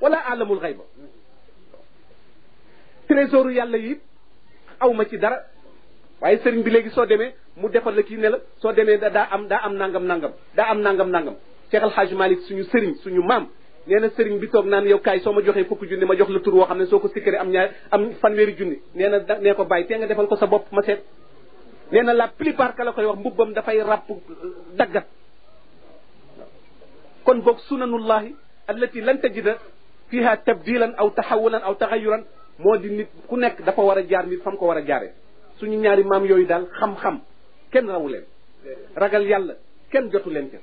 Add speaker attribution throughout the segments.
Speaker 1: wala alamul xayba trésoru yàlla yi awma ci dara waaye sëriñ bi léegi soo demee mu defal la kii ne la soo demee daa am daa am nangam nangam daa am nangam nangam Cheikh Al Hadj suñu sëriñ suñu maam nee na sëriñ bi toog naan yow kaay soo ma joxee fukki junni ma jox la tur woo xam ne soo ko sikkaree am ñaar am fanweeri junni nee na da nee ko bàyyi te nga defal ko sa bopp ma seet nee na la plupart ka la koy wax mbubbam dafay ràpp daggat kon boog sunanullahi allati lan tajida fiha tabdilan aw taxawulan aw taxayuran moo di nit ku nekk dafa war a jaar mbir fam ko war a jaaree suñu ñaari maam yooyu daal xam-xam kenn rawu ragal yàlla kenn jotu leen ca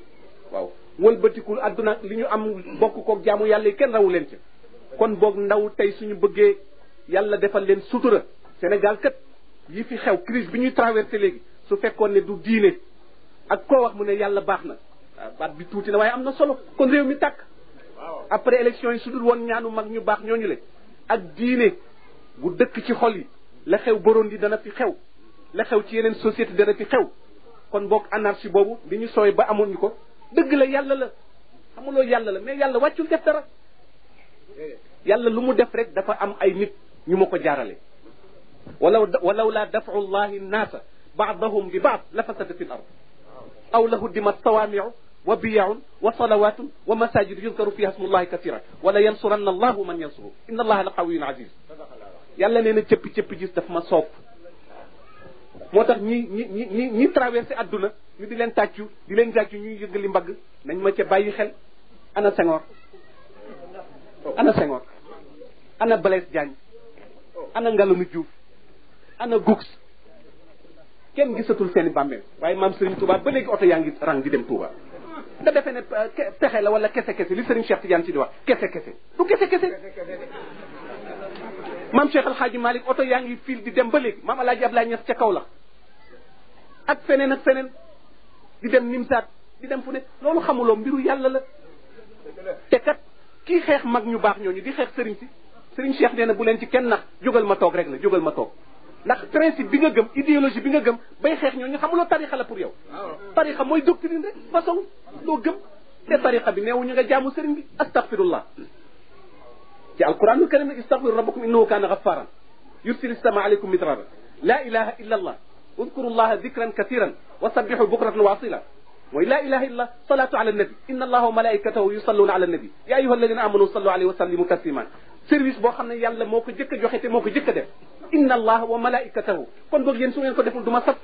Speaker 1: waaw wëlbatikul àdduna li ñu am bokk koog jaamu yàlla yi kenn rawu leen ca kon boog ndaw tey su ñu bëggee yàlla defal leen sutura senegal kat yi fi xew crise bi ñuy traversé léegi su fekkoon ne du diine ak koo wax mu ne yàlla baax na ah, baat bi tuuti na waaye am na solo après élection yi su dul woon ñaanu mag ñu baax ñooñu le ak diine bu dëkk ci xol yi la xew Burundi dana fi xew la xew ci yeneen société dana fi xew kon boog si boobu bi ñu sooy ba amoon ñu ko dëgg la yàlla la xamuloo yàlla la mais yàlla wàccul def dara yàlla lu mu def rek dafa am ay nit ñu ma ko jaarale walaw walaw laa dafau llahi nnaasa baadahum bi baad la fasadati l ard aw lahu dima sawaamiu wa biyaun wa salawatun wa masajidu yuzkaru fiha smullahi kasiran wala yansuranna allahu man yansuruhu inna allaha la qawiyun aziz yàlla nee na cëpp cëpp gis daf ma soob moo tax ñi ñi ñi ñi ñi traversé adduna ñu di leen tàccu di leen tàccu ñuy yëngali mbagg nañ ma ca bàyyi xel ana Senghor ana Senghor ana Blaise Diagne ana Ngalandou Diouf ana Gouks kenn gisatul seen i bàmmeel waaye maam Serigne Touba ba léegi oto yaa ngi rang di dem Touba da defee ne pexe la wala kessé kessé li Serigne Cheikh Tidiane si di wax kessé kessé du kessé kessé mam Cheikh Alxaaji Malick oto yaa ngi fiil di dem ba léegi maam Alaaji Ablaye Ñas ca kaw la ak fenen ak fenen di dem nimsat di dem fu ne loolu xamuloo mbiru yàlla la te kat ki xex mag ñu baax ñooñu di xex sëriñ ci sëriñ Cheikh nee bu len ci kenn nak jógal ma tok rek la jógal ma tok ndax principe bi nga gëm idéologie bi nga gëm bay xeex ñooñu xamuloo tarixa la pour yow tarixa mooy doctrine rek façon loo gëm te tarixa bi neewuñu nga jaamu sëriñ bi astaghfirullah ci alquran karim istaghfiru rabbakum innahu kana ghaffaran yursil sama alaykum midrara la ilaha illa allah اذكروا الله ذكرا كثيرا وسبحوا بكرة واصيلا ولا إله إلا صلاة على النبي إن الله وملائكته يصلون على النبي يا أيها الذين آمنوا صلوا عليه وسلموا تسليما سيرفيس بو خامن يالا موكو جيك جوخيتي موكو جيك ديف ان الله وملائكته كون بوك يين سوغن كو ديفول دوما سات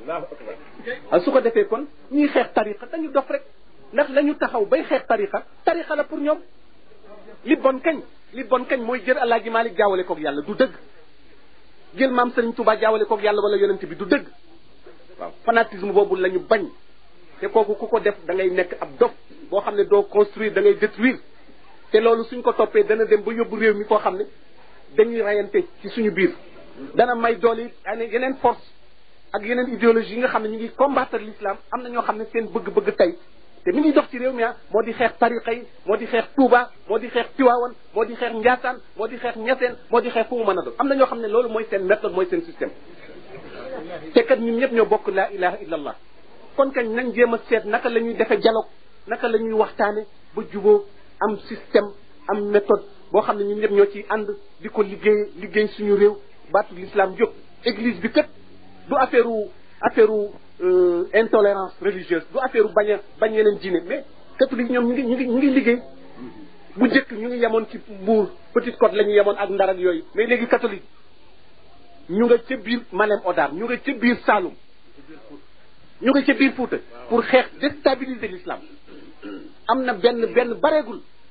Speaker 1: الله اكبر سوكو ديفي كون ني خيخ طريقه دا نيو دوف ريك ناخ لا نيو تاخاو باي خيخ طريقه طريقه لا بور نيوم لي بون كاني لي بون كاني موي جير الله جي مالك جاولي كوك يالا دو دغ جير مام سيرن توبا جاولي كوك يالا ولا يونتي بي دو دغ فاناتيزم بوبو لا نيو باغ te koku ku def da ngay nek ab dof bo xamne do construire da ngay détruire té lolou suñ ko topé dana dem ba yobbu réew mi ko xamne dañuy rayante ci suñu biir dana may doole it ane yeneen force ak yeneen idéologie yi nga xam ne ñu ngi combattre l'islam am na ñoo xam ne seen bëgg-bëgg tey te mi ngi dox ci réew mi ah moo di xeex tariqa yi moo di xeex Touba moo di xeex Tiwaawan moo di xeex Njaasaan moo di xeex Ñaseen moo di xeex fu mu mën a doon am na ñoo xam ne loolu mooy seen méthode mooy seen système te kat ñun ñëpp ñoo bokk laa ilaha illallah kon kañ nañ jéem a seet naka la ñuy defe dialogue naka la ñuy waxtaane ba juboo am système am méthode boo xam ne ñun ñëpp ñoo ci ànd di ko liggéey liggéey suñu réew baatu l'islam jóg église bi kat du affaire affaire euh, intolérance religieuse du affaire u bañ a bañ yeneen diine mais catholique ñoom ñu ngi ñu ngi ngi liggéey bu njëkk ñu ngi yemoon ci mbuur Petite Côte la ñu yemoon ak ndarak yooyu mais léegi catholique ñu nga ca biir Malem Odar ñu nga ca biir Saloum ñu nga ca biir Fuuta pour xeex déstabiliser l'islam am na benn benn bareegul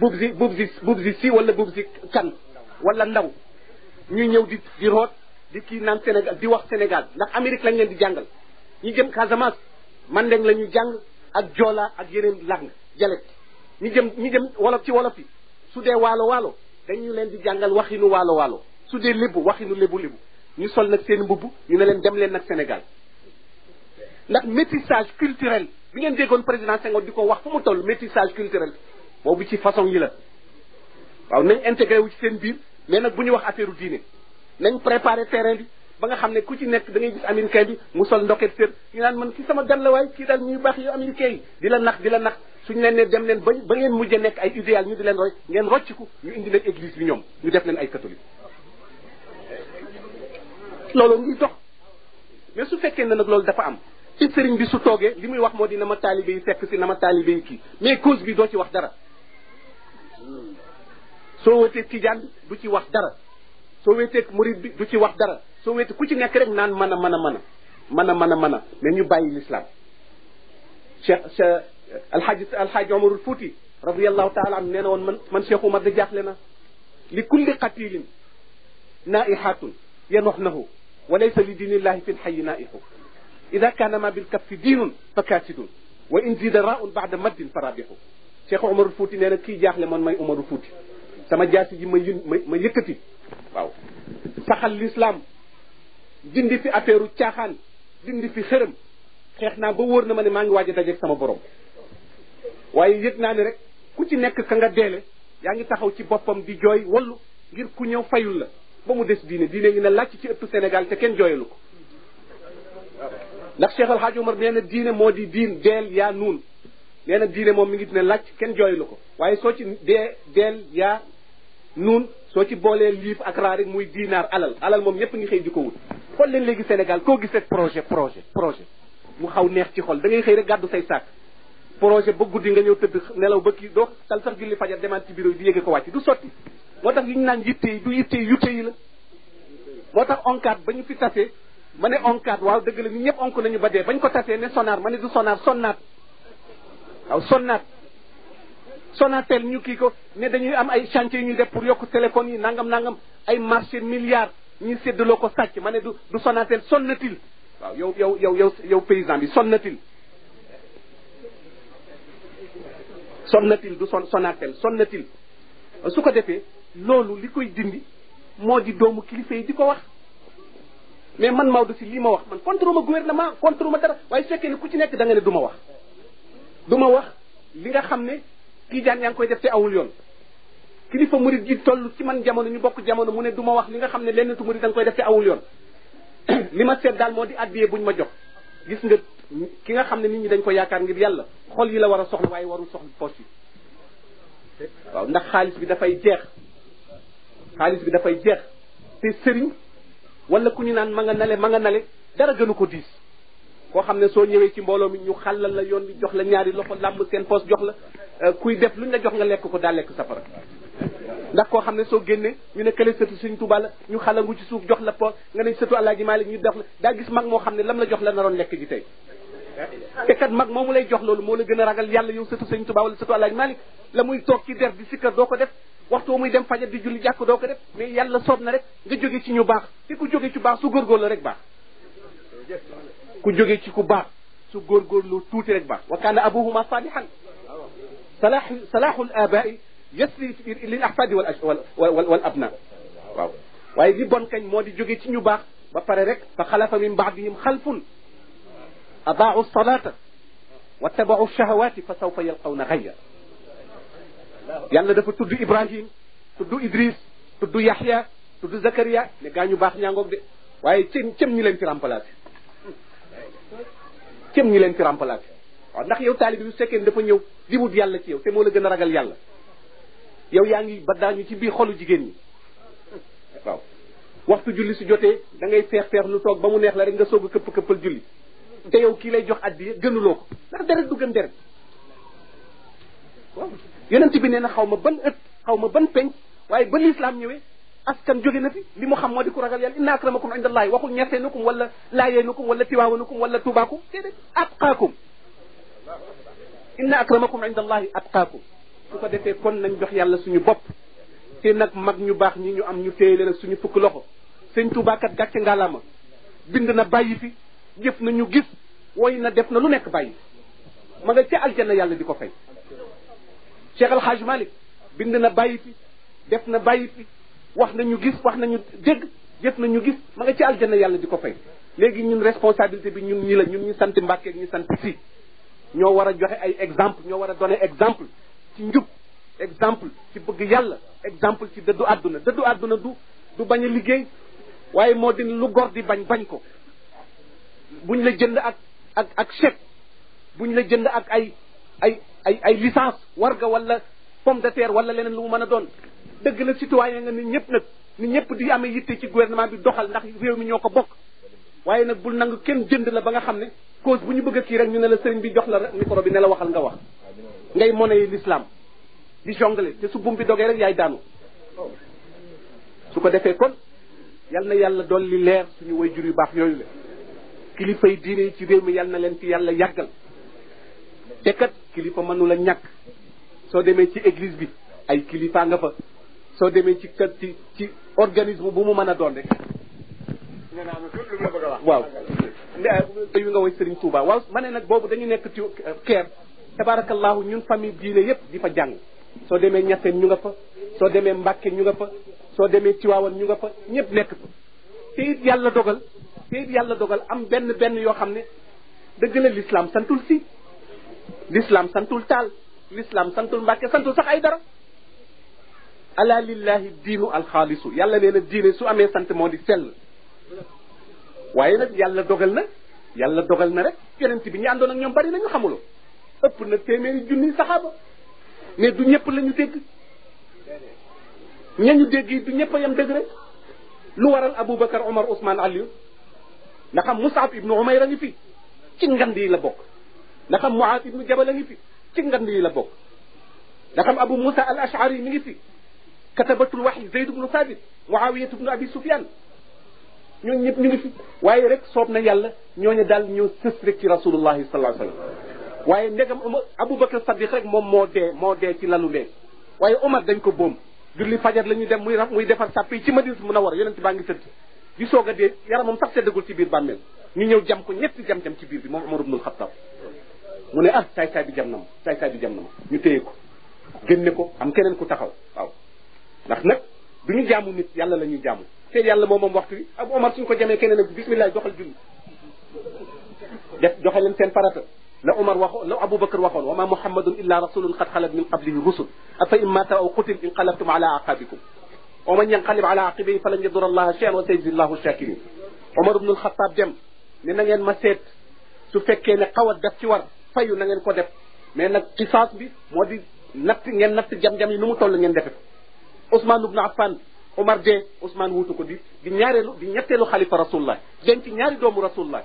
Speaker 1: buub si buub si buub si si wala buub si kan wala ndaw ñu ñëw di di di kii naan Sénégal di wax Sénégal ndax Amérique lañ leen di jàngal ñu jëm Casamance Mandeng la ñuy jàng ak Joola ak yeneen làng jalet ñu jëm ñu jëm wolof ci wolof yi su dee waalo waalo dañu leen di jàngal waxinu waalo waalo su dee lébu waxinu lébu lébu ñu sol nag seen mbubb ñu ne leen dem leen nag Sénégal ndax métissage culturel bi ngeen déggoon di ko wax fu mu toll métissage culturel boobu ci façon yi la waaw nañ intégré wu ci seen biir mais nag bu ñu wax affaire diine nañ préparé terrain bi ba nga xam ne ku ci nekk dangay ngay gis américain bi mu sol ndoket sér ñu naan man ci sama gan la waaye kii daal ñuy baax yow américain yi di la nax di la nax suñu leen ne dem leen ba ba ngeen mujj nekk ay idéal ñu di leen roy ngeen rocciku ñu indi leen église bi ñoom ñu def leen ay catholique loolu ngi dox mais su fekkee ne nag loolu dafa am ci sëriñ bi su toogee li muy wax moo di na ma taalibe yi fekk si na ma taalibe yi kii mais cause bi doo ci wax dara soo wéetee tijaan du ci wax dara soo wéetee murid bi du ci wax dara soo wéetee ku ci nekk rek naan mana mana mana mana mana mana mais ñu bàyyi l'islam cheikh cheikh alhaji alhaji omarul fouti radiallahu taala anu nee na woon man man cheikh omar da jaaxle na li kulli qatilin naihatun yanoxnahu wa laysa li dinillahi fi lxayi naihu ida kana ma bil bilkaffi dinun fa kasidun wa in zida raun bada maddin fa rabihu cheikh omarul fouti nee na kii jaaxle man may omar al fouti sama jaasi ji ma yun ma ma yëkkati waaw saxal lislaam dindi fi affaire caaxaan dindi fi xërëm xeex naa ba wóor na ma ne maa ngi waaj a dajeeg sama borom waaye yëg naa ni rek ku ci nekk ka nga deele yaa ngi taxaw ci boppam di jooy wallu ngir ku ñëw fayul la ba mu des diine diine ngi ne làcc ci ëpp Sénégal te kenn jooyalu ko ndax Cheikh El Hadj Omar nee diine moo di diin deel yaa nuun nee diine moom mi ngi dina làcc kenn jooyalu ko waaye soo ci dee nuun soo ci boolee livre ak raa rek muy dinaar alal alal moom ñëpp ngi xëy di ko wut xool leen léegi Sénégal koo gis projet projet projet mu xaw neex ci xol da xëy rek gàddu say sàkk projet ba guddi nga ñëw tëdd nelaw ba kii doo tal sax julli fajar demaat ci bureau yi di yéege ko wàcc du sotti moo tax li naan yitte yi du yitte yi la moo tax onkaat ba ñu fi tasee ma ne onkaat waaw dëgg la ñu ñëpp onk nañu ba dee bañ ko tasee ne sonaar ma ne du sonaar sonnaat waaw sonnaat Sonatel ñu kii ko ne dañuy am ay chantier yu ñuy def pour yokk téléphone yi nangam nangam ay marché milliards ñu loo ko sàcc ma ne du du Sonatel sonnatil waaw yow yow yow yow yow paysan bi sonnatil sonnatil du son Sonatel sonnatil su ko defee loolu li koy dindi moo di doomu kilifa yi di ko wax mais man Maodo si lii ma wax man contre ma gouvernement contre ma dara waaye su fekkee ne ku ci nekk da nga ne du ma wax du ma wax li nga xam ne tiijaan yaa ngi koy def te awul yoon kilifa murid gi toll ci man jamono ñu bokk jamono mu ne du ma wax li nga xam ne lenn tu murid da nga koy def te awul yoon li ma seet daal moo di addiyee buñ ma jox gis nga ki nga xam ne nit ñi dañ ko yaakaar ngir yàlla xol yi la war a soxla waaye warul soxla poche yi waaw ndax xaalis bi dafay jeex xaalis bi dafay jeex te sëriñ wala ku ñu naan ma nga nale ma nga nale dara gënu ko diis koo xam ne soo ñëwee ci mbooloo mi ñu xàllal la yoon bi jox la ñaari loxo làmb seen poos jox la euh, kuy def luñ la jox nga lekk ko daa lekk safara ndax koo xam ne soo génnee ñu ne kële sëtu suñ Tuubaa la ñu xalangu ci suuf jox la poos nga ne sëtu Alaaji Maalik ñu def la daa gis mag moo xam ne lam la jox la naroon lekk ji tey te kat mag moomu lay jox loolu moo la gën a ragal yàlla yow sëtu sëñ Tuubaa wala sëtu Alaaji Maalik la muy toog ci der di sikkar doo ko def waxtu muy dem fajar di julli jàkk doo ko def mais yàlla soob na rek nga jóge ci ñu baax te ku ci baax su góorgóorlu rek baax ku jóge ci ku baax su góorgóorloo tuuti rek baax wa kaana abuhuma salihan salahu salahu alabai yasri lil ahfadi wal wal wal abna waaw waaye li bon kañ moo di jóge ci ñu baax ba pare rek fa xalafa min baadihim xalfun adaau salata wattabau shahawati fa sawfa yalqawna xayya yàlla dafa tudd ibrahim tudd idris tudd yaxya tudd zakaria ne gaa ñu baax ñaangoog de waaye cëm cëm ñu leen fi remplacé cëm ñi leen fi remplacé waaw ndax yow taalibi bu fekkee dafa ñëw di yàlla ci yow te moo la gën a ragal yàlla yow yaa ngi ba daañu ci biir xolu jigéen ñi waaw waxtu julli su jotee da ngay feex feex lu toog ba mu neex la rek nga soog a këpp këppal julli te yow kii lay jox addi gënuloo ko ndax deret du gën deret waaw yonent bi nee na xaw ma ban ëtt xaw ma ban peñ waaye ba lislaam ñëwee askan jóge na fi li mu xam moo di ku ragal yàlla inna akramakum inda allahi waxul ñerteenukum wala laayeenukum wala tiwaawanukum wala tubaakum déedéet atqaakum inna akramakum inda allahi atqaakum su ko defee kon nañ jox yàlla suñu bopp te nag mag ñu baax ñi ñu am ñu téye leen suñu fukk loxo sëñ tubaakat gàcce ngalaama bind na bàyyi fi jëf na ñu gis woy na def na lu nekk bàyyi ma nga ca aljanna yàlla di ko fay Cheikh Al Hadj bind na bàyyi fi def na bàyyi fi wax nañu gis wax nañu dégg jëf nañu gis ma nga ci aljana yàlla di ko fay léegi ñun responsabilité bi ñun ñi la ñun ñu sant Mbàkke ak ñu sant si ñoo war a joxe ay exemple ñoo war a donner exemple ci njub exemple ci bëgg yàlla exemple ci dëddu àdduna dëddu àdduna du du bañ a liggéey waaye moo di lu gor di bañ bañ ko buñ la jënd ak ak ak chèque buñ la jënd ak ay ay ay ay licence warga wala pomme de terre wala leneen lu mu mën a doon dëgg la citoyen nga nit ñëpp nag nit ñëpp di amee yitte ci gouvernement bi doxal ndax réew mi ñoo ko bokk waaye nag bul nangu kenn jënd la ba nga xam ne cause bu ñu bëgg a kii rek ñu ne la sëriñ bi jox la micro bi ne la waxal nga wax ngay monnaie l'islam di jongle te su buum bi dogee rek yaay daanu su ko defee kon yal na yàlla li leer suñu way jur yu baax yooyu la kilifa yi diine yi ci réew mi yal na leen ci yàlla yàggal te kat kilifa mënu la ñàkk soo demee ci église bi ay kilifa nga fa soo demee ci kër ci ci organisme bu mu mën a doon rek. nee naa a wax. waaw yu nga woy Serigne Touba waaw ma nag boobu dañu nekk ci keer tabarakallahu ñun famille diine yëpp di fa jàng. soo demee Niassène ñu nga fa soo demee Mbacke ñu nga fa soo demee ci Tiwaawan ñu nga fa ñëpp nekk fa te it yàlla dogal te it yàlla dogal am benn benn yoo xam ne dëgg la l'islam santul si l'islam santul taal l'islam santul Mbacke santul sax ay dara ala lillahi diinu alxaalisu yàlla nee na diine su amee sant moo di sell waaye nag yàlla dogal na yàlla dogal na rek yonent bi ñu àndoon ak ñoom bari nañu xamuloo ëpp na téeméeri junni saxaaba mais du ñëpp la ñu dégg ñañu dégg yi du ñëpp yam dëgg rek lu waral Aboubacar Omar Ousmane Aliou nga xam Mus'ab ibnu Umayr a ngi fi ci ngand yi la bokk nga xam Muaad ibnu Jabal a ngi fi ci ngand yi la bokk nga xam Abu Moussa al Ash'ari mi ngi fi katabatul waxyi Zayd ibnu Sabit Muawiyat ibnu Abi Sufyan ñooñu ñëpp ñu ngi fi waaye rek soob na yàlla ñoo ñooñu daal ñoo sës rek ci rasulullahi sallallahu alayhi wa sallam waaye ndegam Aboubacar Sadiq rek moom moo dee moo dee ci lalu lee waaye Omar dañ ko boom julli fajar la ñuy dem muy muy defar sàppe yi ci Madina war yonent baa ngi tëdd di soog a dee yaramam sax seddagul ci biir bàmmeel ñu ñëw jam ko ñetti jam-jam ci biir bi moom Omar ibnul Xattaab mu ne ah saay saay bi jam na ma saay bi jam na ñu téye ko génne ko am keneen ku taxaw ndax nak duñu jamu nit yàlla lañu jamu jaamu te yàlla moom moom waxtu bi ab omar suñ ko jame keneen nag bismillah doxal julli def joxe len seen farata la omar waxo la abou bakr waxoon wa ma muhammadun illa rasulun qad xalat min qablihi rusul afa in mata aw qutil in qalabtum ala aqabikum wa man yanqalib ala ينقلب falan yadur allah shay'an wa شيئا allah shakirin omar ibn al-khattab dem ni na ngeen ma set su fekke ne xawa def ci war fayu na ngeen ko def mais nak qisas bi modi nat ngeen nat jam-jam yi nu mu toll ngeen defe Ousmane ibn Affan Omar Dieng Ousmane wuutu ko di di ñaareelu di ñetteelu xalifa rasulullah denc ñaari doomu rasulullah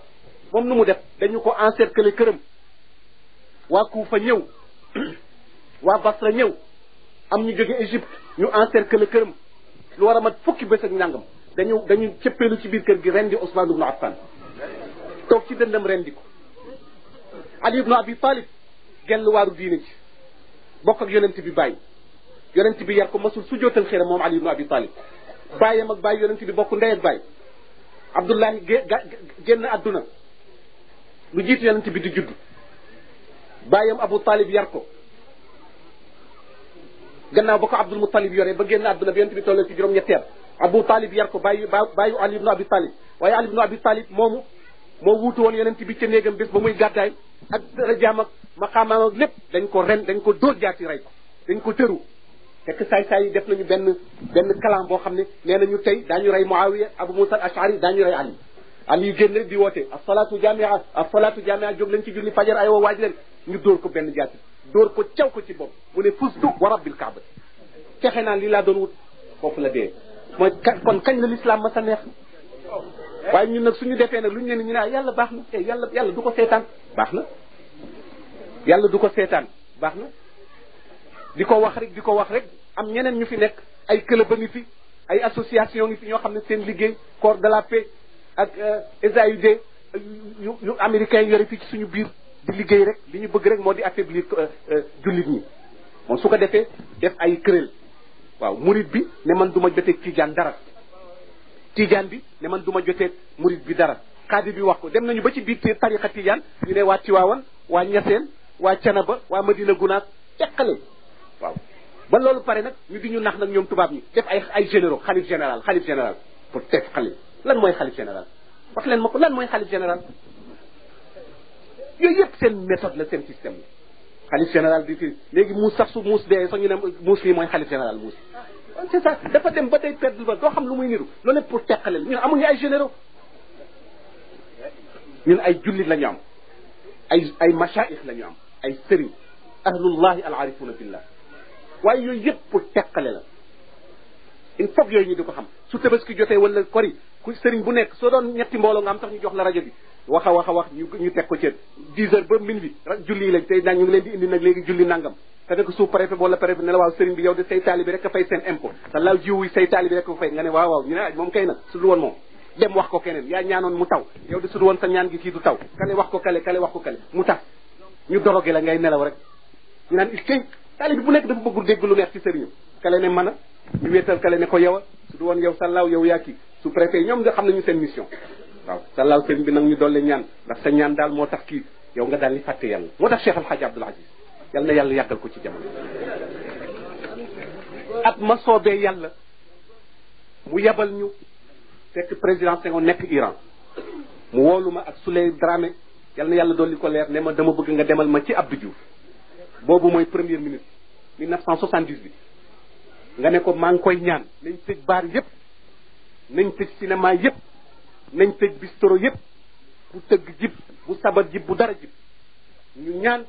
Speaker 1: moom nu mu def dañu ko encercler këram waa Kuufa ñëw waa Basra ñëw am ñu jóge Égypte ñu encercler këram lu war a mat fukki bés ak ñàngam dañu dañu cëppeelu ci biir kër gi rendi Ousmane ibn Affan toog ci dëndam rendi ko Ali ibn Abi Talib genn waaru diine ci bokk ak yonent bi bàyyi yonent bi yar ko masul su jootal xëy na moom Ali ibn Abi Talib bàyyam ak bàyyi yonent bi bokk ndey ak bàyyi Abdullahi génn àdduna lu jiitu yonent bi di judd Abu Talib yar ko gannaaw ba ko Abdul Muttalib yore ba génn àdduna bi yonent bi toll ci juróom-ñetteel Abu Talib yar ko bàyyi bàyyi Ali ibn Abi Talib waaye Ali ibn Abi Talib moomu moo wuutu woon yonent bi ca néegam bés ba muy gàddaay ak darajaam ak maqaamaam ak lépp dañ ko ren dañ ko dóor jaati rey dañ ko tëru fekk saay-saay yi def nañu benn benn kalam boo xam ne nee ñu tey daañu rey Muawiya Abu Musa al-Ash'ari daañu rey Ali Ali génn di woote as-salaatu jaami'a as-salaatu jaami'a jóg leen ci julli fajar ay wa waaj leen ñu dóor ko benn jaasi dóor ko caw ko ci bopp mu ne fustu wa rabbil kaaba texe naa li laa doon wut foofu la dee mooy kon kañ la l'islam ma sa neex waaye ñun nag suñu defee nag lu ñu leen ñu ne ah, yàlla baax na eh, yàlla yàlla du ko seetaan baax na yàlla du ko seetaan baax na di ko wax rek di ko wax rek am ñeneen ñu fi nekk ay club fi ay association ngi fi ñoo xam ne seen liggéey corps de la paix ak USAID euh, ñu ñu américains yore fii ci suñu biir di liggéey rek li ñu bëgg rek moo di affaiblir euh, euh, jullit ñi moom su ko defee def ay kuréel waaw murit bi ne man duma ma joteeg tijaan dara tijaan bi ne man du ma joteeg murit bi dara xaadi bi wax ko dem nañu ba ci biir tariqa tijaan ñu ne waa Tiwaawan waa Ñaseen waa Canaba waa Madina Gunaas teqale waaw ba loolu pare nag ñu di ñu nax nag ñoom tubaab ñi def ay ay généraux xalif général xalif général pour teg xalif lan mooy xalif général wax leen ma ko lan mooy xalif général yooyu yëpp seen méthode la seen système la xalif général di fi léegi muus sax su muus dee sax ñu ne muus lii mooy xalif général muus c'est ça dafa dem ba day perdre ba doo xam lu muy niru loolu pour teqaleel ñun amuñu ay généraux ñun ay jullit la ñu am ay ay machaïx la ñu am ay sëriñ ahlullahi al arifuna billah waaye yooyu yëpp pour teqale la il faut yooyu ñu di ko xam su ki jotee wala ko ku sëriñ bu nekk soo doon ñetti mbooloo nga am tax ñu jox la rajo bi wax a wax a wax ñu ñu teg ko ci dix heures ba minuit julli yi lañ tey nag ñu ngi leen di indi nag léegi julli nangam te nag sous préfet wala préfet ne la waaw sëriñ bi yow de say taali bi rek a fay seen impôt te laaw jiwu say taali bi rek ko fay nga ne waaw waaw ñu ne ah, moom kay nag su dul woon moom dem wax ko keneen yaa ñaanoon mu taw yow de su dul woon sa ñaan gi kii du taw kale wax ko kale wax ko kale mu tax ñu doroge la ngay nelaw rek taalibe bu nekk dafa bëggul dégg lu neex ci sëriñam kale ne mën ñu wéetal kale ne ko yow a su du woon yow sallaaw yow yaa kii su préfet ñoom nga xam nañu seen mission waaw sallaaw sëriñ bi nag ñu dolli ñaan ndax sa ñaan daal moo tax kii yow nga daal di fàtte yàlla moo tax Cheikh Alhaji Abdoul Aziz yal na yàlla yàggal ko ci jamono at ma soobee yàlla mu yabal ñu fekk président Senghor nekk Iran mu woolu ma ak Souley Dramé yal na yàlla dolli ko leer ne ma dama bëgg nga demal ma ci Abdou Diouf boobu mooy premier ministre 1978 nga ne ko maa ngi koy ñaan nañ tëj baar yépp nañ tëj cinéma yépp nañ tëj bistro yépp bu tëgg jib bu sabar jib bu dara jib ñu ñaan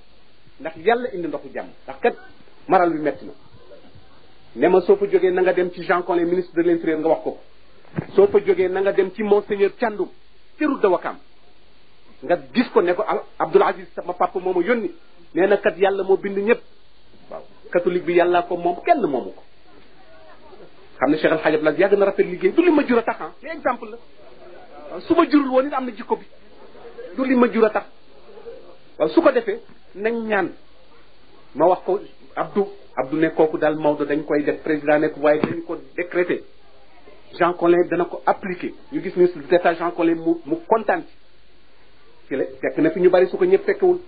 Speaker 1: ndax yàlla indi ndoxu jàmm ndax kat maral bi metti na ne ma soo fa jógee nanga dem ci Jean Collin ministre de l'intérieur nga wax ko soo fa jógee na nga dem ci monseigneur Thiandoum ci route de Wakam nga gis ko ne ko Abdoul Aziz sama papa moo ma yónni nee na yàlla moo bind ñëpp waaw catholique bi yàlla ko moom kenn moomu ko xam ne Cheikh Al Hadj Abdoulaye yàgg liggéey du li ma jur a tax ah, li la su ma jurul woon am na jikko bi du li ma jur a tax su ko defee nañ ñaan ma wax ko Abdou Abdou ne kooku daal Maodo dañ koy def président nekk waaye dañu ko décrété Jean Collin dana ko appliqué ñu gis ministre d'État Jean Collin mu mu kontaan ci fekk na fi ñu bari su ko ñëpp fekkewul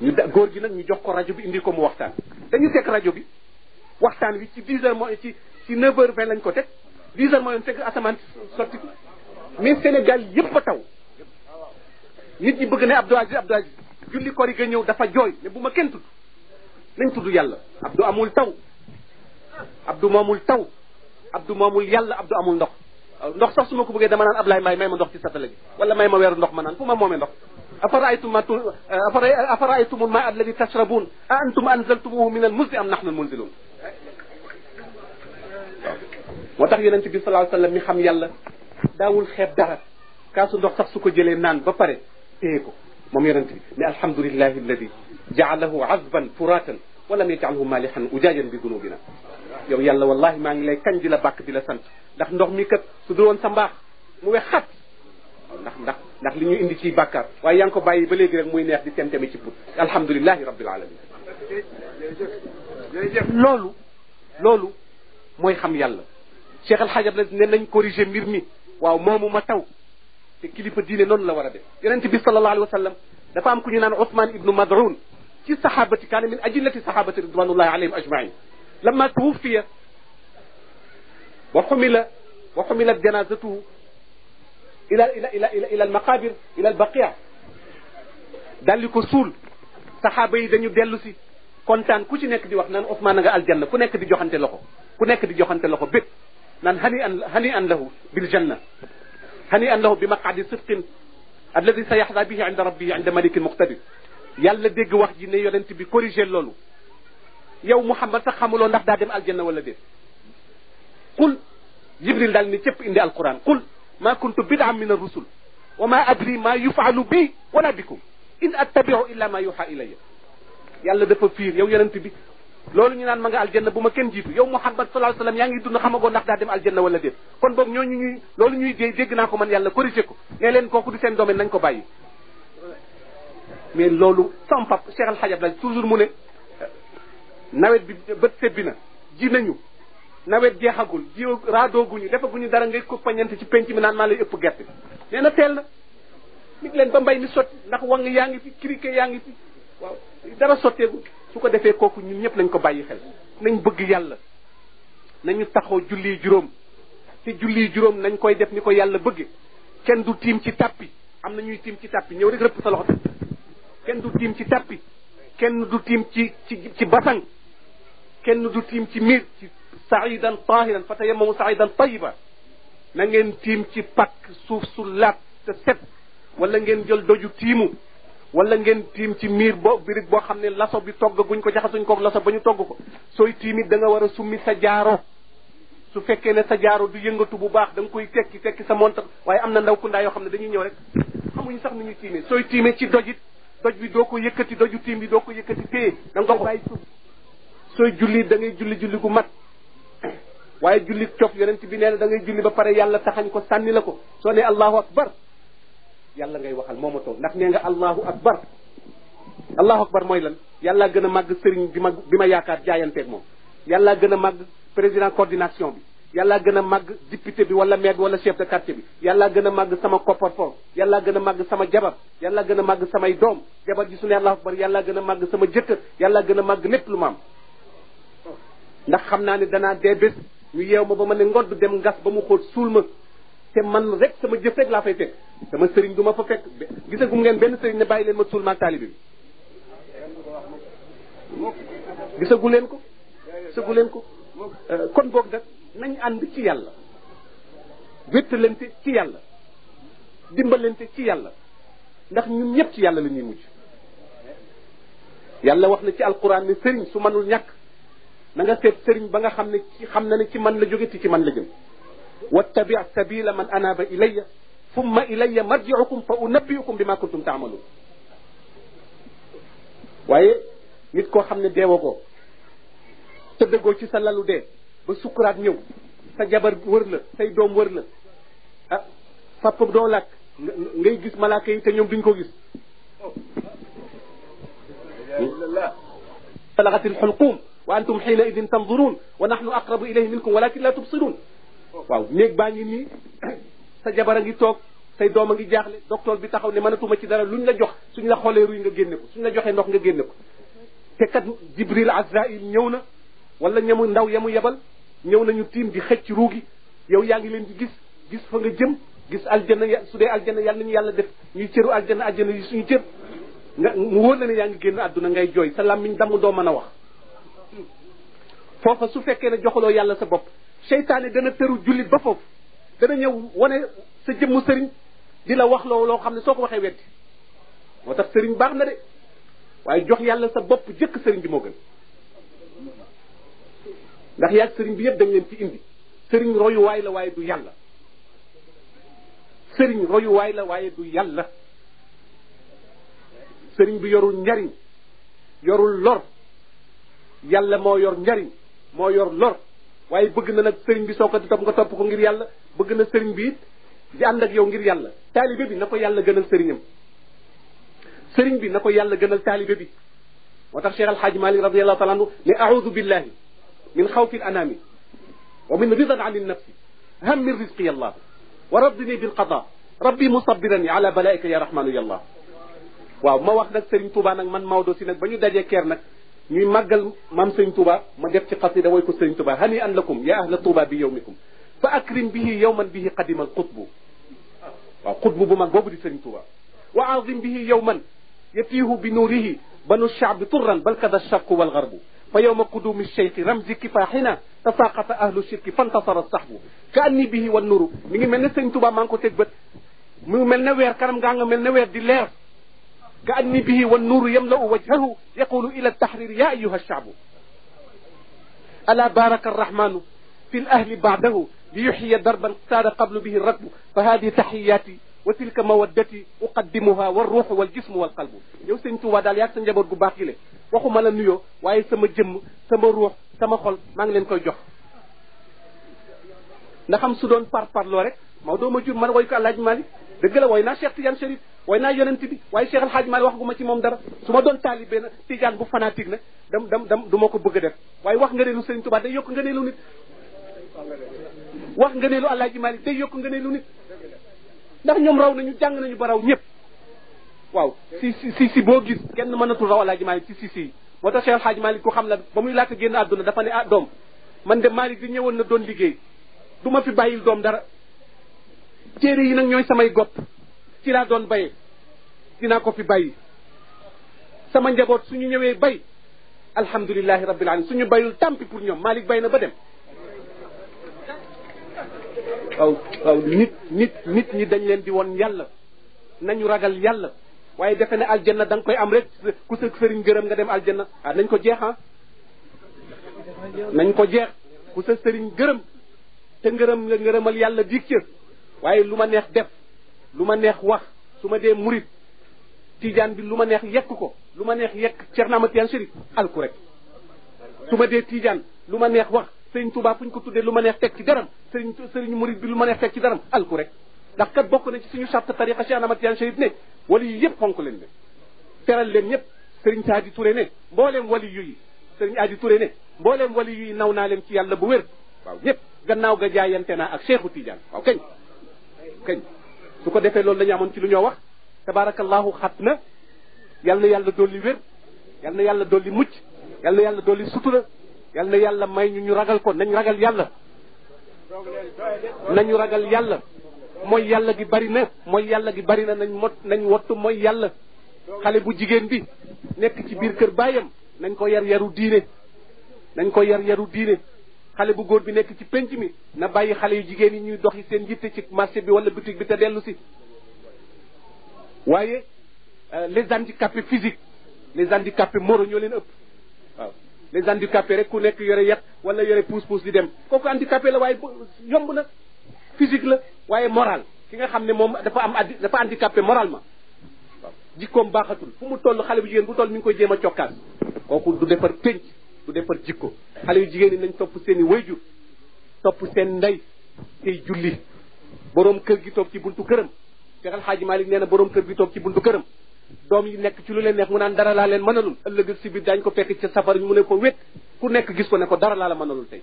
Speaker 1: ñu da góor gi nag ñu jox ko rajo bi indi ko mu waxtaan dañu teg rajo bi waxtaan wi ci 10 heures mooy ci ci 9 heures 20 lañ ko teg 10 heures mooy yoon fekk asamaan sotti ko mais Sénégal yëpp a taw nit ñi bëgg ne Abdou Aziz Abdou Aziz julli kori ga ñëw dafa jooy ne bu ma kenn tudd nañ tudd yàlla Abdou amul taw Abdou moomul taw Abdou moomul yàlla Abdou amul ndox ndox sax su ma ko bëggee dama naan Ablaye may may ma ndox ci satala gi wala may ma weeru ndox ma naan fu ma moomee ndox أفرأيتم, ما ت... أفرأيتم الماء الذي تشربون أأنتم أنزلتموه من المزء أم نحن المنزلون moo tax yonent bi sallallahu alayhi wasallam mi xam yàlla daawul xeeb dara kaasu ndox sax su ko jëlee naan ba pare téye ko moom yonent bi ne alhamdulillahi alladi ja'alahu azban furatan wa lam yaj'alhu malihan ujajan bi dunubina yow yàlla wallahi maa ngi lay kañ di la bàkk di la sant ndax ndox mi kat su du woon sa mbaax mu wex xat ndax ndax ndax li ñu indi ci bakkar waaye yaa ngi ko bàyyi ba léegi rek muy neex di tem temteme ci bout alhamdulilahi rabbil alamin loolu loolu mooy xam yàlla cheikh al alxaajab la ne nañ corriger mbir mi waaw moomu ma taw te kilifa diine noonu la war a def yonente bi salallahu alayhi wa sallam dafa am ku ñu naan ousmane ibnu madroun ci sahabati kaane min ajillati sahabati ridwanullahi alayhim ajmain lama tuwufiya wa xumila wa xumilat janazatuhu الى الى الى الى, إلى المقابر الى البقيع داليكو سول صحابه دانيو دلوسي كونتان كوشي نيك دي واخ نان عثمان nga الجنه كو نيك دي جوخانتي لوخو كو نيك دي جوخانتي لوخو بيت نان هني ان له بالجنه هني له بمقعد صدق الذي سيحظى به عند ربه عند ملك مقتدر يالا ديغ واخ جي ني يونتي بي كوريجي لولو يو محمد تخاملو خاملو ناخ دا ديم الجنه ولا ديت قل جبريل دال ني تيب اندي القران قل ما كنت بدعا من الرسل وما أدري ما يفعل بي ولا بكم إن أتبع إلا ما يوحى إلي يالله دفا فير يو يلنت بي لولو ني نان ماغا الجنة بوما كين جيف يو محمد صلى الله عليه وسلم ياغي دون خماغو ناخ دا ديم الجنة ولا ديت كون بوك ньо ญ و ني لولو ني دي ديغ ناكو مان يالله كوريتيكو نيلن كوكو دي سين دومين نانكو باي مي لولو سام باب شيخ الحاج عبد الله توجور مو ني نويت بي بت سيبينا جي نانيو nawet jeexagul jiw raadooguñu ñu dara ngay ko pañante ci penc mi naan maa lay ëpp gerte nee na teel na nit leen ba mbay mi sotti ndax wang yaa ngi fi criquet yaa ngi fi waaw dara sotteegu su ko defee kooku ñun ñëpp nañ ko bàyyi xel nañ bëgg yàlla nañu taxoo julli juróom te julli juróom nañ koy def ni ko yàlla bëgge kenn du tiim ci tappi am na ñuy tiim ci tappi ñëw rek rëpp sa loxo kenn du tiim ci tappi kenn du tiim ci ci ci kenn du tiim ci miir saidan tahiran fa tayamamu saidan tayiba na ngeen tiim ci pakk suuf su laat te set wala ngeen jël doju tiimu wala ngeen tiim ci miir bo birig boo xam ne laso bi togg guñ ko jaxasuñ ko laso ba ñu togg ko sooy tiimit da nga war a summi sa jaaro su fekkee ne sa jaaro du yëngatu bu baax da nga koy tekki tekki sa montar waaye am na ndaw kundaa yoo xam ne dañuy ñëw rek xamuñu sax ni ñuy tiimee sooy tiime ci dojit doj bi doo ko yëkkati doju tiim bi doo ko yëkkati téye da nga ko bàyyi suuf sooy da ngay julli julli gu mat waaye julli cof yonent bi nee dangay da ngay julli ba pare yàlla taxañ ko sànni la ko soo ne allahu akbar yàlla ngay waxal moo ma toog ndax nee nga allahu akbar allahu akbar mooy lan yàlla gën a màgg sëriñ bi ma bi ma yaakaar jaayanteeg moom yàlla gën a màgg président coordination bi yàlla gën a màgg député bi wala maire bi wala chef de quartier bi yàlla gën a màgg sama kopparfor yàlla gën a màgg sama jabar yàlla gën a màgg samay doom jabar ji su ne allahu akbar yàlla gën a màgg sama jëkkër yàlla gën a màgg lépp lu ma am xam naa ne danaa dee ñu yeew ma ba ma ne ngodd dem ngas ba mu xool suul ma te man rek sama jëf rek laa fay fekk sama sëriñ du ma fa fekk gisagum ngeen benn sëriñ ne bàyyi leen ma suul maag taalibe bi
Speaker 2: gisagu leen ko gisagu leen ko
Speaker 1: euh, kon boog nag nañ ànd ci yàlla wéttalante ci yàlla dimbalante ci yàlla ndax ñun ñëpp ci yàlla la ñuy mujj yàlla wax na ci alquran ne sëriñ su manul ñàkk nanga nga seet sëriñ ba nga xam ne xam na ne ci man la jóge ti ci man la jëm wattabi sabila man anaba ilayya summa ilayya marjiukum fa unabbiukum bi ma kuntum taamaluun waaye nit koo xam ne deewagoo tëddagoo ci sa lalu dee ba sukkuraat ñëw sa jabar wër la say doom wër la ah papa doo làkk ngay gis malaaka yi te ñoom duñ ko gis salaxatil xulquum وأنتم حينئذ تنظرون ونحن أقرب إليه منكم ولكن لا تبصرون waaw néeg baa ngi nii sa jabar a ngi toog say doom a ngi jaaxle docteur bi taxaw ne mënatuma ci dara luñ la jox suñ la xoolee ruy nga génne ko suñ la joxee ndox nga génne ko te kat jibril azrail ñëw na wala ñamu ndaw yamu yebal ñëw nañu tiim di xëcc ruugi yow yaa ngi leen di gis gis fa nga jëm gis aljana su dee aljana yàlla nañu yàlla def ñuy cëru aljana aljana yi suñu cër nga mu wóor la ne yaa ngi génn àdduna ngay jooy sa làmmiñ damu doo mën a wax foofa su fekkee ne joxuloo yàlla sa bopp seytaane dana tëru jullit ba foofu dana ñëw wone sa jëmm sëriñ di la wax loo loo xam ne soo ko waxee weddi moo tax sëriñ baax na de waaye jox yàlla sa bopp jëkk sëriñ bi moo gën ndax yaag sëriñ bi yëpp dañ leen ci indi sëriñ royuwaay la waaye du yàlla sëriñ royuwaay la waaye du yàlla sëriñ bi yorul njariñ yorul lor yàlla moo yor njariñ moo yor lor waaye bëgg na nag sëriñ bi soo ko di nga topp ko ngir yàlla bëgg na sëriñ bi it di ànd ak yow ngir yàlla taalibe bi na ko yàlla gënal sëriñam sëriñ bi na ko yàlla gënal taalibe bi moo tax cheikh alxaaj malik radiallahu taala anhu ne audu billahi min xawfi anami wa min ridan an nafsi ham min risqi allah wa raddini bil qada rabbi musabirani ala balaika ya rahmanu ya allah waaw ma wax nag sëriñ touba nag man mawdo si nag ba ñu dajee keer nag ñuy màggal maam sëñ Touba ma def ci xasida way ko sëñ Touba hani an lakum ya ahla Touba bi yawmikum fa akrim bihi yawman bihi qadimal qutbu waaw qutbu bu mag boobu di sëñ Touba wa azim bihi yawman yatiihu bi nuurihi banu shaabi turran bal kada sharqu wal garbu فيوم قدوم الشيخ رمز كفاحنا تساقط اهل الشرك فانتصر الصحب كاني به والنور ميغي ملني سيغ توبا مانكو تك بت ميغي ملني وير كانم غا ملني وير دي لير كأني به والنور يملأ وجهه يقول إلى التحرير يا أيها الشعب ألا بارك الرحمن في الأهل بعده ليحيي دربا سار قبل به الركب فهذه تحياتي وتلك مودتي أقدمها والروح والجسم والقلب يو سنتو ودال ياك سنجا بورغو باقي لي مالا نيو واي سما جيم سما روح سما خول ماغ لين كوي جوخ نخم سودون بار بار لو رك ما دوما جور مان واي الله مالك دغلا واي شيخ تيان شريف way naa yonent bi waaye Cheikh Al Hadj Malick wax gu ma ci moom dara su ma doon taalibe na tijaan bu fanatique na dam dam dam du ma ko bëgg a def waaye wax nga ne lu Sëriñ Tuubaa day yokk nga ne lu nit wax nga ne lu Alaaji Malick day yokk nga ne lu nit ndax ñoom raw nañu jàng nañu ba raw ñëpp waaw si si si boo gis kenn mënatul raw Alaaji Malick si si si moo tax Cheikh xaaj Hadj Malick ku xam la ba muy làkk génn àdduna dafa ne ah doom man de Malick di ñëwoon na doon liggéey du ma fi bàyyil doom dara téere yi nag ñooy samay gopp ci laa doon bayee dinaa ko fi bàyyi sama njaboot su ñu ñëwee bay alhamdulilahi rabbil alamin suñu bayul tampi pour ñoom Malick bay na ba dem waaw waaw nit nit nit ñi dañ leen di woon yàlla nañu ragal yàlla waaye defe ne aljanna da nga koy am rek ku sa sëriñ gërëm nga dem aljanna ah nañ ko jeex ah nañ ko jeex ku sa sëriñ gërëm te ngërëm nga ngërëmal yàlla biig cër waaye lu ma neex def lu ma neex wax su ma dee murit tiijaan bi lu ma neex yekk ko lu ma neex yekk Cerno Ahmad Tijaan Chérif alku rek su ma dee tijaan lu ma neex wax sëriñ Tuubaa fu ñu ko tuddee lu ma neex teg ci daram sëriñ sëriñ murid bi lu ma neex teg ci daram alku rek ndax kat bokk na ci suñu charte tariqa Cerno Ahmad Tijaan Chérif ne wali yu yëpp xonk leen ne teral leen ñëpp sëriñ Saadi Touré ne mbooleem wali yu yi sëriñ Aadi ne mbooleem wali yu naw naa leen ci yàlla bu wér waaw ñëpp gannaaw ga jaayante naa ak Seexu Tijaan waaw ko defee loolu la amoon ci lu ñoo wax tabaarakallaahu xat na yal na yàlla dolli wér yal na yàlla dolli mucc yal na yàlla dolli sutura yal na yàlla may ñu ñu ragal ko nañ ragal yàlla nañu ragal yàlla mooy yàlla gi bari na mooy yàlla gi bari na nañ mot nañ wottu mooy yàlla xale bu jigéen bi nekk ci biir kër baayam nañ ko yar yaru diine nañ ko yar yaru diine xale bu góor bi nekk ci penc mi na bàyyi xale yu jigéen yi ñuy doxi seen yitte ci marché bi wala boutique bi te dellu si waaye euh, les handicapés physiques les handicapés moraux ñoo ëpp les handicapés rek ku nekk yore yat wala yore pousse-pousse di dem kooku handicapé la waaye yomb na physique la waaye moral ki nga xam ne moom dafa am dafa handicapé moralement waaw jikkoom baaxatul fu mu toll xale bu jigéen bu toll mi ngi koy jéem a du defar pénc du defar jikko xale yu jigéen nañ topp ndey julli buntu Cheikh Al Hadj Malick nee borom kër gi toog ci buntu këram doom yi nekk ci lu leen neex mu naan dara laa leen mënalul ëllëg si biir daañu ko fekk ci safar mu ne ko wét ku nekk gis ko ne ko dara laa la mënalul tey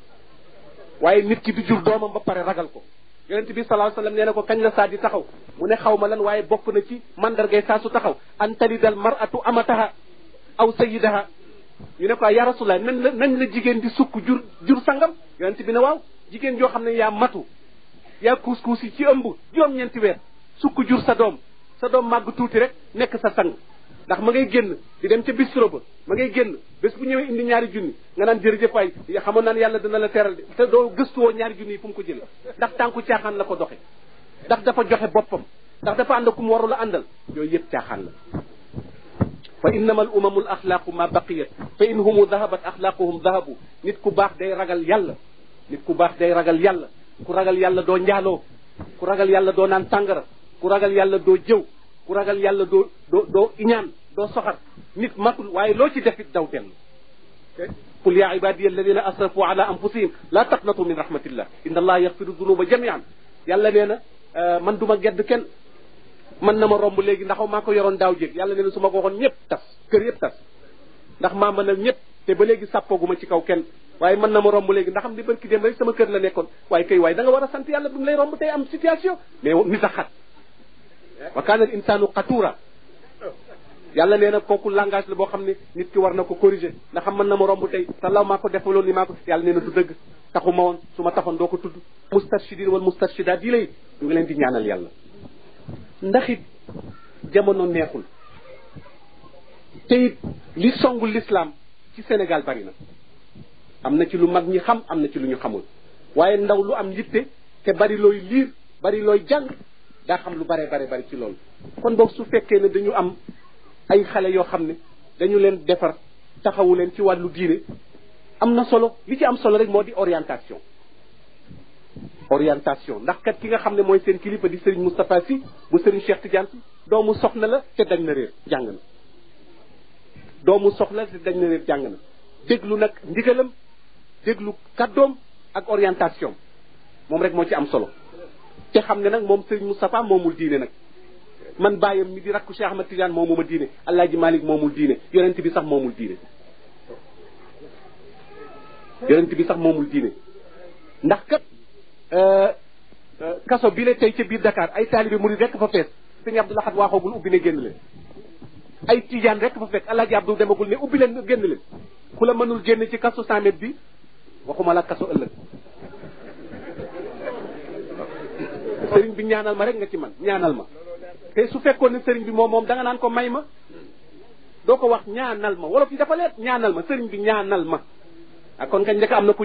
Speaker 1: waaye nit ki du jur doomam ba pare ragal ko yonent bi sallallahu alayhi wasallam nee na ko kañ la saa di taxaw mu ne xaw ma lan waaye bokk na ci mandargay saa su taxaw an talidal mar'atu amataha aw sayyidaha ñu ne ko ah, ya laa nañ la nañ la jigéen di sukk jur jur sangam yonent bi ne waaw jigéen joo xam ne yaa matu yaa kuus kuus yi ci ëmb juróom-ñeenti sukk jur sa doom sa doom màgg tuuti rek nekk sa sang ndax ma ngay génn di dem ca bistro ba ma ngay génn bés bu ñëwee indi ñaari junni nga naan jërëjëf waay xamoon naan yàlla dina la teral de te doo gëstuwoo ñaari junni yi fu mu ko jëlee ndax tànku caaxaan la ko doxe ndax dafa joxe boppam ndax dafa ànd ak ku warul a àndal yooyu yëpp caaxaan la fa innama al umamu al axlaaqu ma baqiyat fa in humu dahabat axlaaquhum dahabu nit ku baax day ragal yàlla nit ku baax day ragal yàlla ku ragal yàlla doo njaaloo ragal yàlla doo naan tàngara ku ragal yàlla doo jëw ku ragal yàlla doo doo doo iñaan doo soxar nit matul waaye loo ci defit daw dellu qul yaa ibadiya alladina asrafu ala anfusihim laa taqnatu min rahmatillah inna allaha yaxfiru dunuba jamian yàlla nee na euh, man du ma gedd kenn man na ma romb léegi ndaxaw maa ko yoroon daaw jéeg yàlla nee na su ma ko waxoon ñëpp tas kër yëpp tas ndax maa mënal ñëpp te ba léegi sàppooguma ci kaw kenn waaye mën na ma romb léegi ndax am li bërki dem rek sama kër la nekkoon waaye kay waaye da nga war a sant yàlla bi mu lay romb tey am situation mais mi wa kaana al insaanu qatuura yàlla nee na kooku langage la boo xam ne nit ki war na ko corriger ndax xam mën na ma romb tey salaw maa ko defaloon ni maa ko yàlla nee na du dëgg taxuma woon su ma taxoon doo ko tudd mustarshidin wal mustarshidaat yi lay ñu ngi leen di ñaanal yàlla ndax it jamono neexul te li songu lislaam ci Sénégal bari na am na ci lu mag ñi xam am na ci lu ñu xamul waaye ndaw lu am yitte te bari looy liir bari looy jàng daa xam lu bare bare bari ci loolu kon boog su fekkee ne dañu am ay xale yoo xam ne dañu leen defar taxawu leen ci wàllu diine am na solo li ci am solo rek moo di orientation orientation ndax kat ki nga xam ne mooy seen kilifa di Serigne Moustapha Sy bu Serigne Cheikh Tidiane Sy doomu soxna la te dañ na réer jàng na doomu soxla te dañ na réer jàng na déglu nag ndigalam déglu kàddoom ak orientation moom rek moo ci am solo te xam ne nag moom Serigne Moustapha moomul diine nag man bàyyam mi di rakku Cheikh Ahmad Tidiane moomuma diine El Hadj Malick moomul diine yonent bi sax moomul diine. yonent bi sax moomul diine ndax kat euh, euh, kaso bi la tey ci biir dakaar ay taalibe murid rekk fa fees Serigne Abdou Lahad waaxoogul ubbi ne génn leen. ay Tidiane rekk fa fekk El Hadj Abdou demagul ne ubbi leen génn leen ku la mënul génn ci kaso 100 bi waxuma la kaso ëllëg. sëriñ bi ñaanal ma rek nga ci man ñaanal ma te su fekkoon ne sëriñ bi moom moom danga naan ko may ma doo ko wax ñaanal ma wolof yi dafa leer ñaanal ma sëriñ bi ñaanal ma ak
Speaker 2: ah, kon kañ njëkk am na ku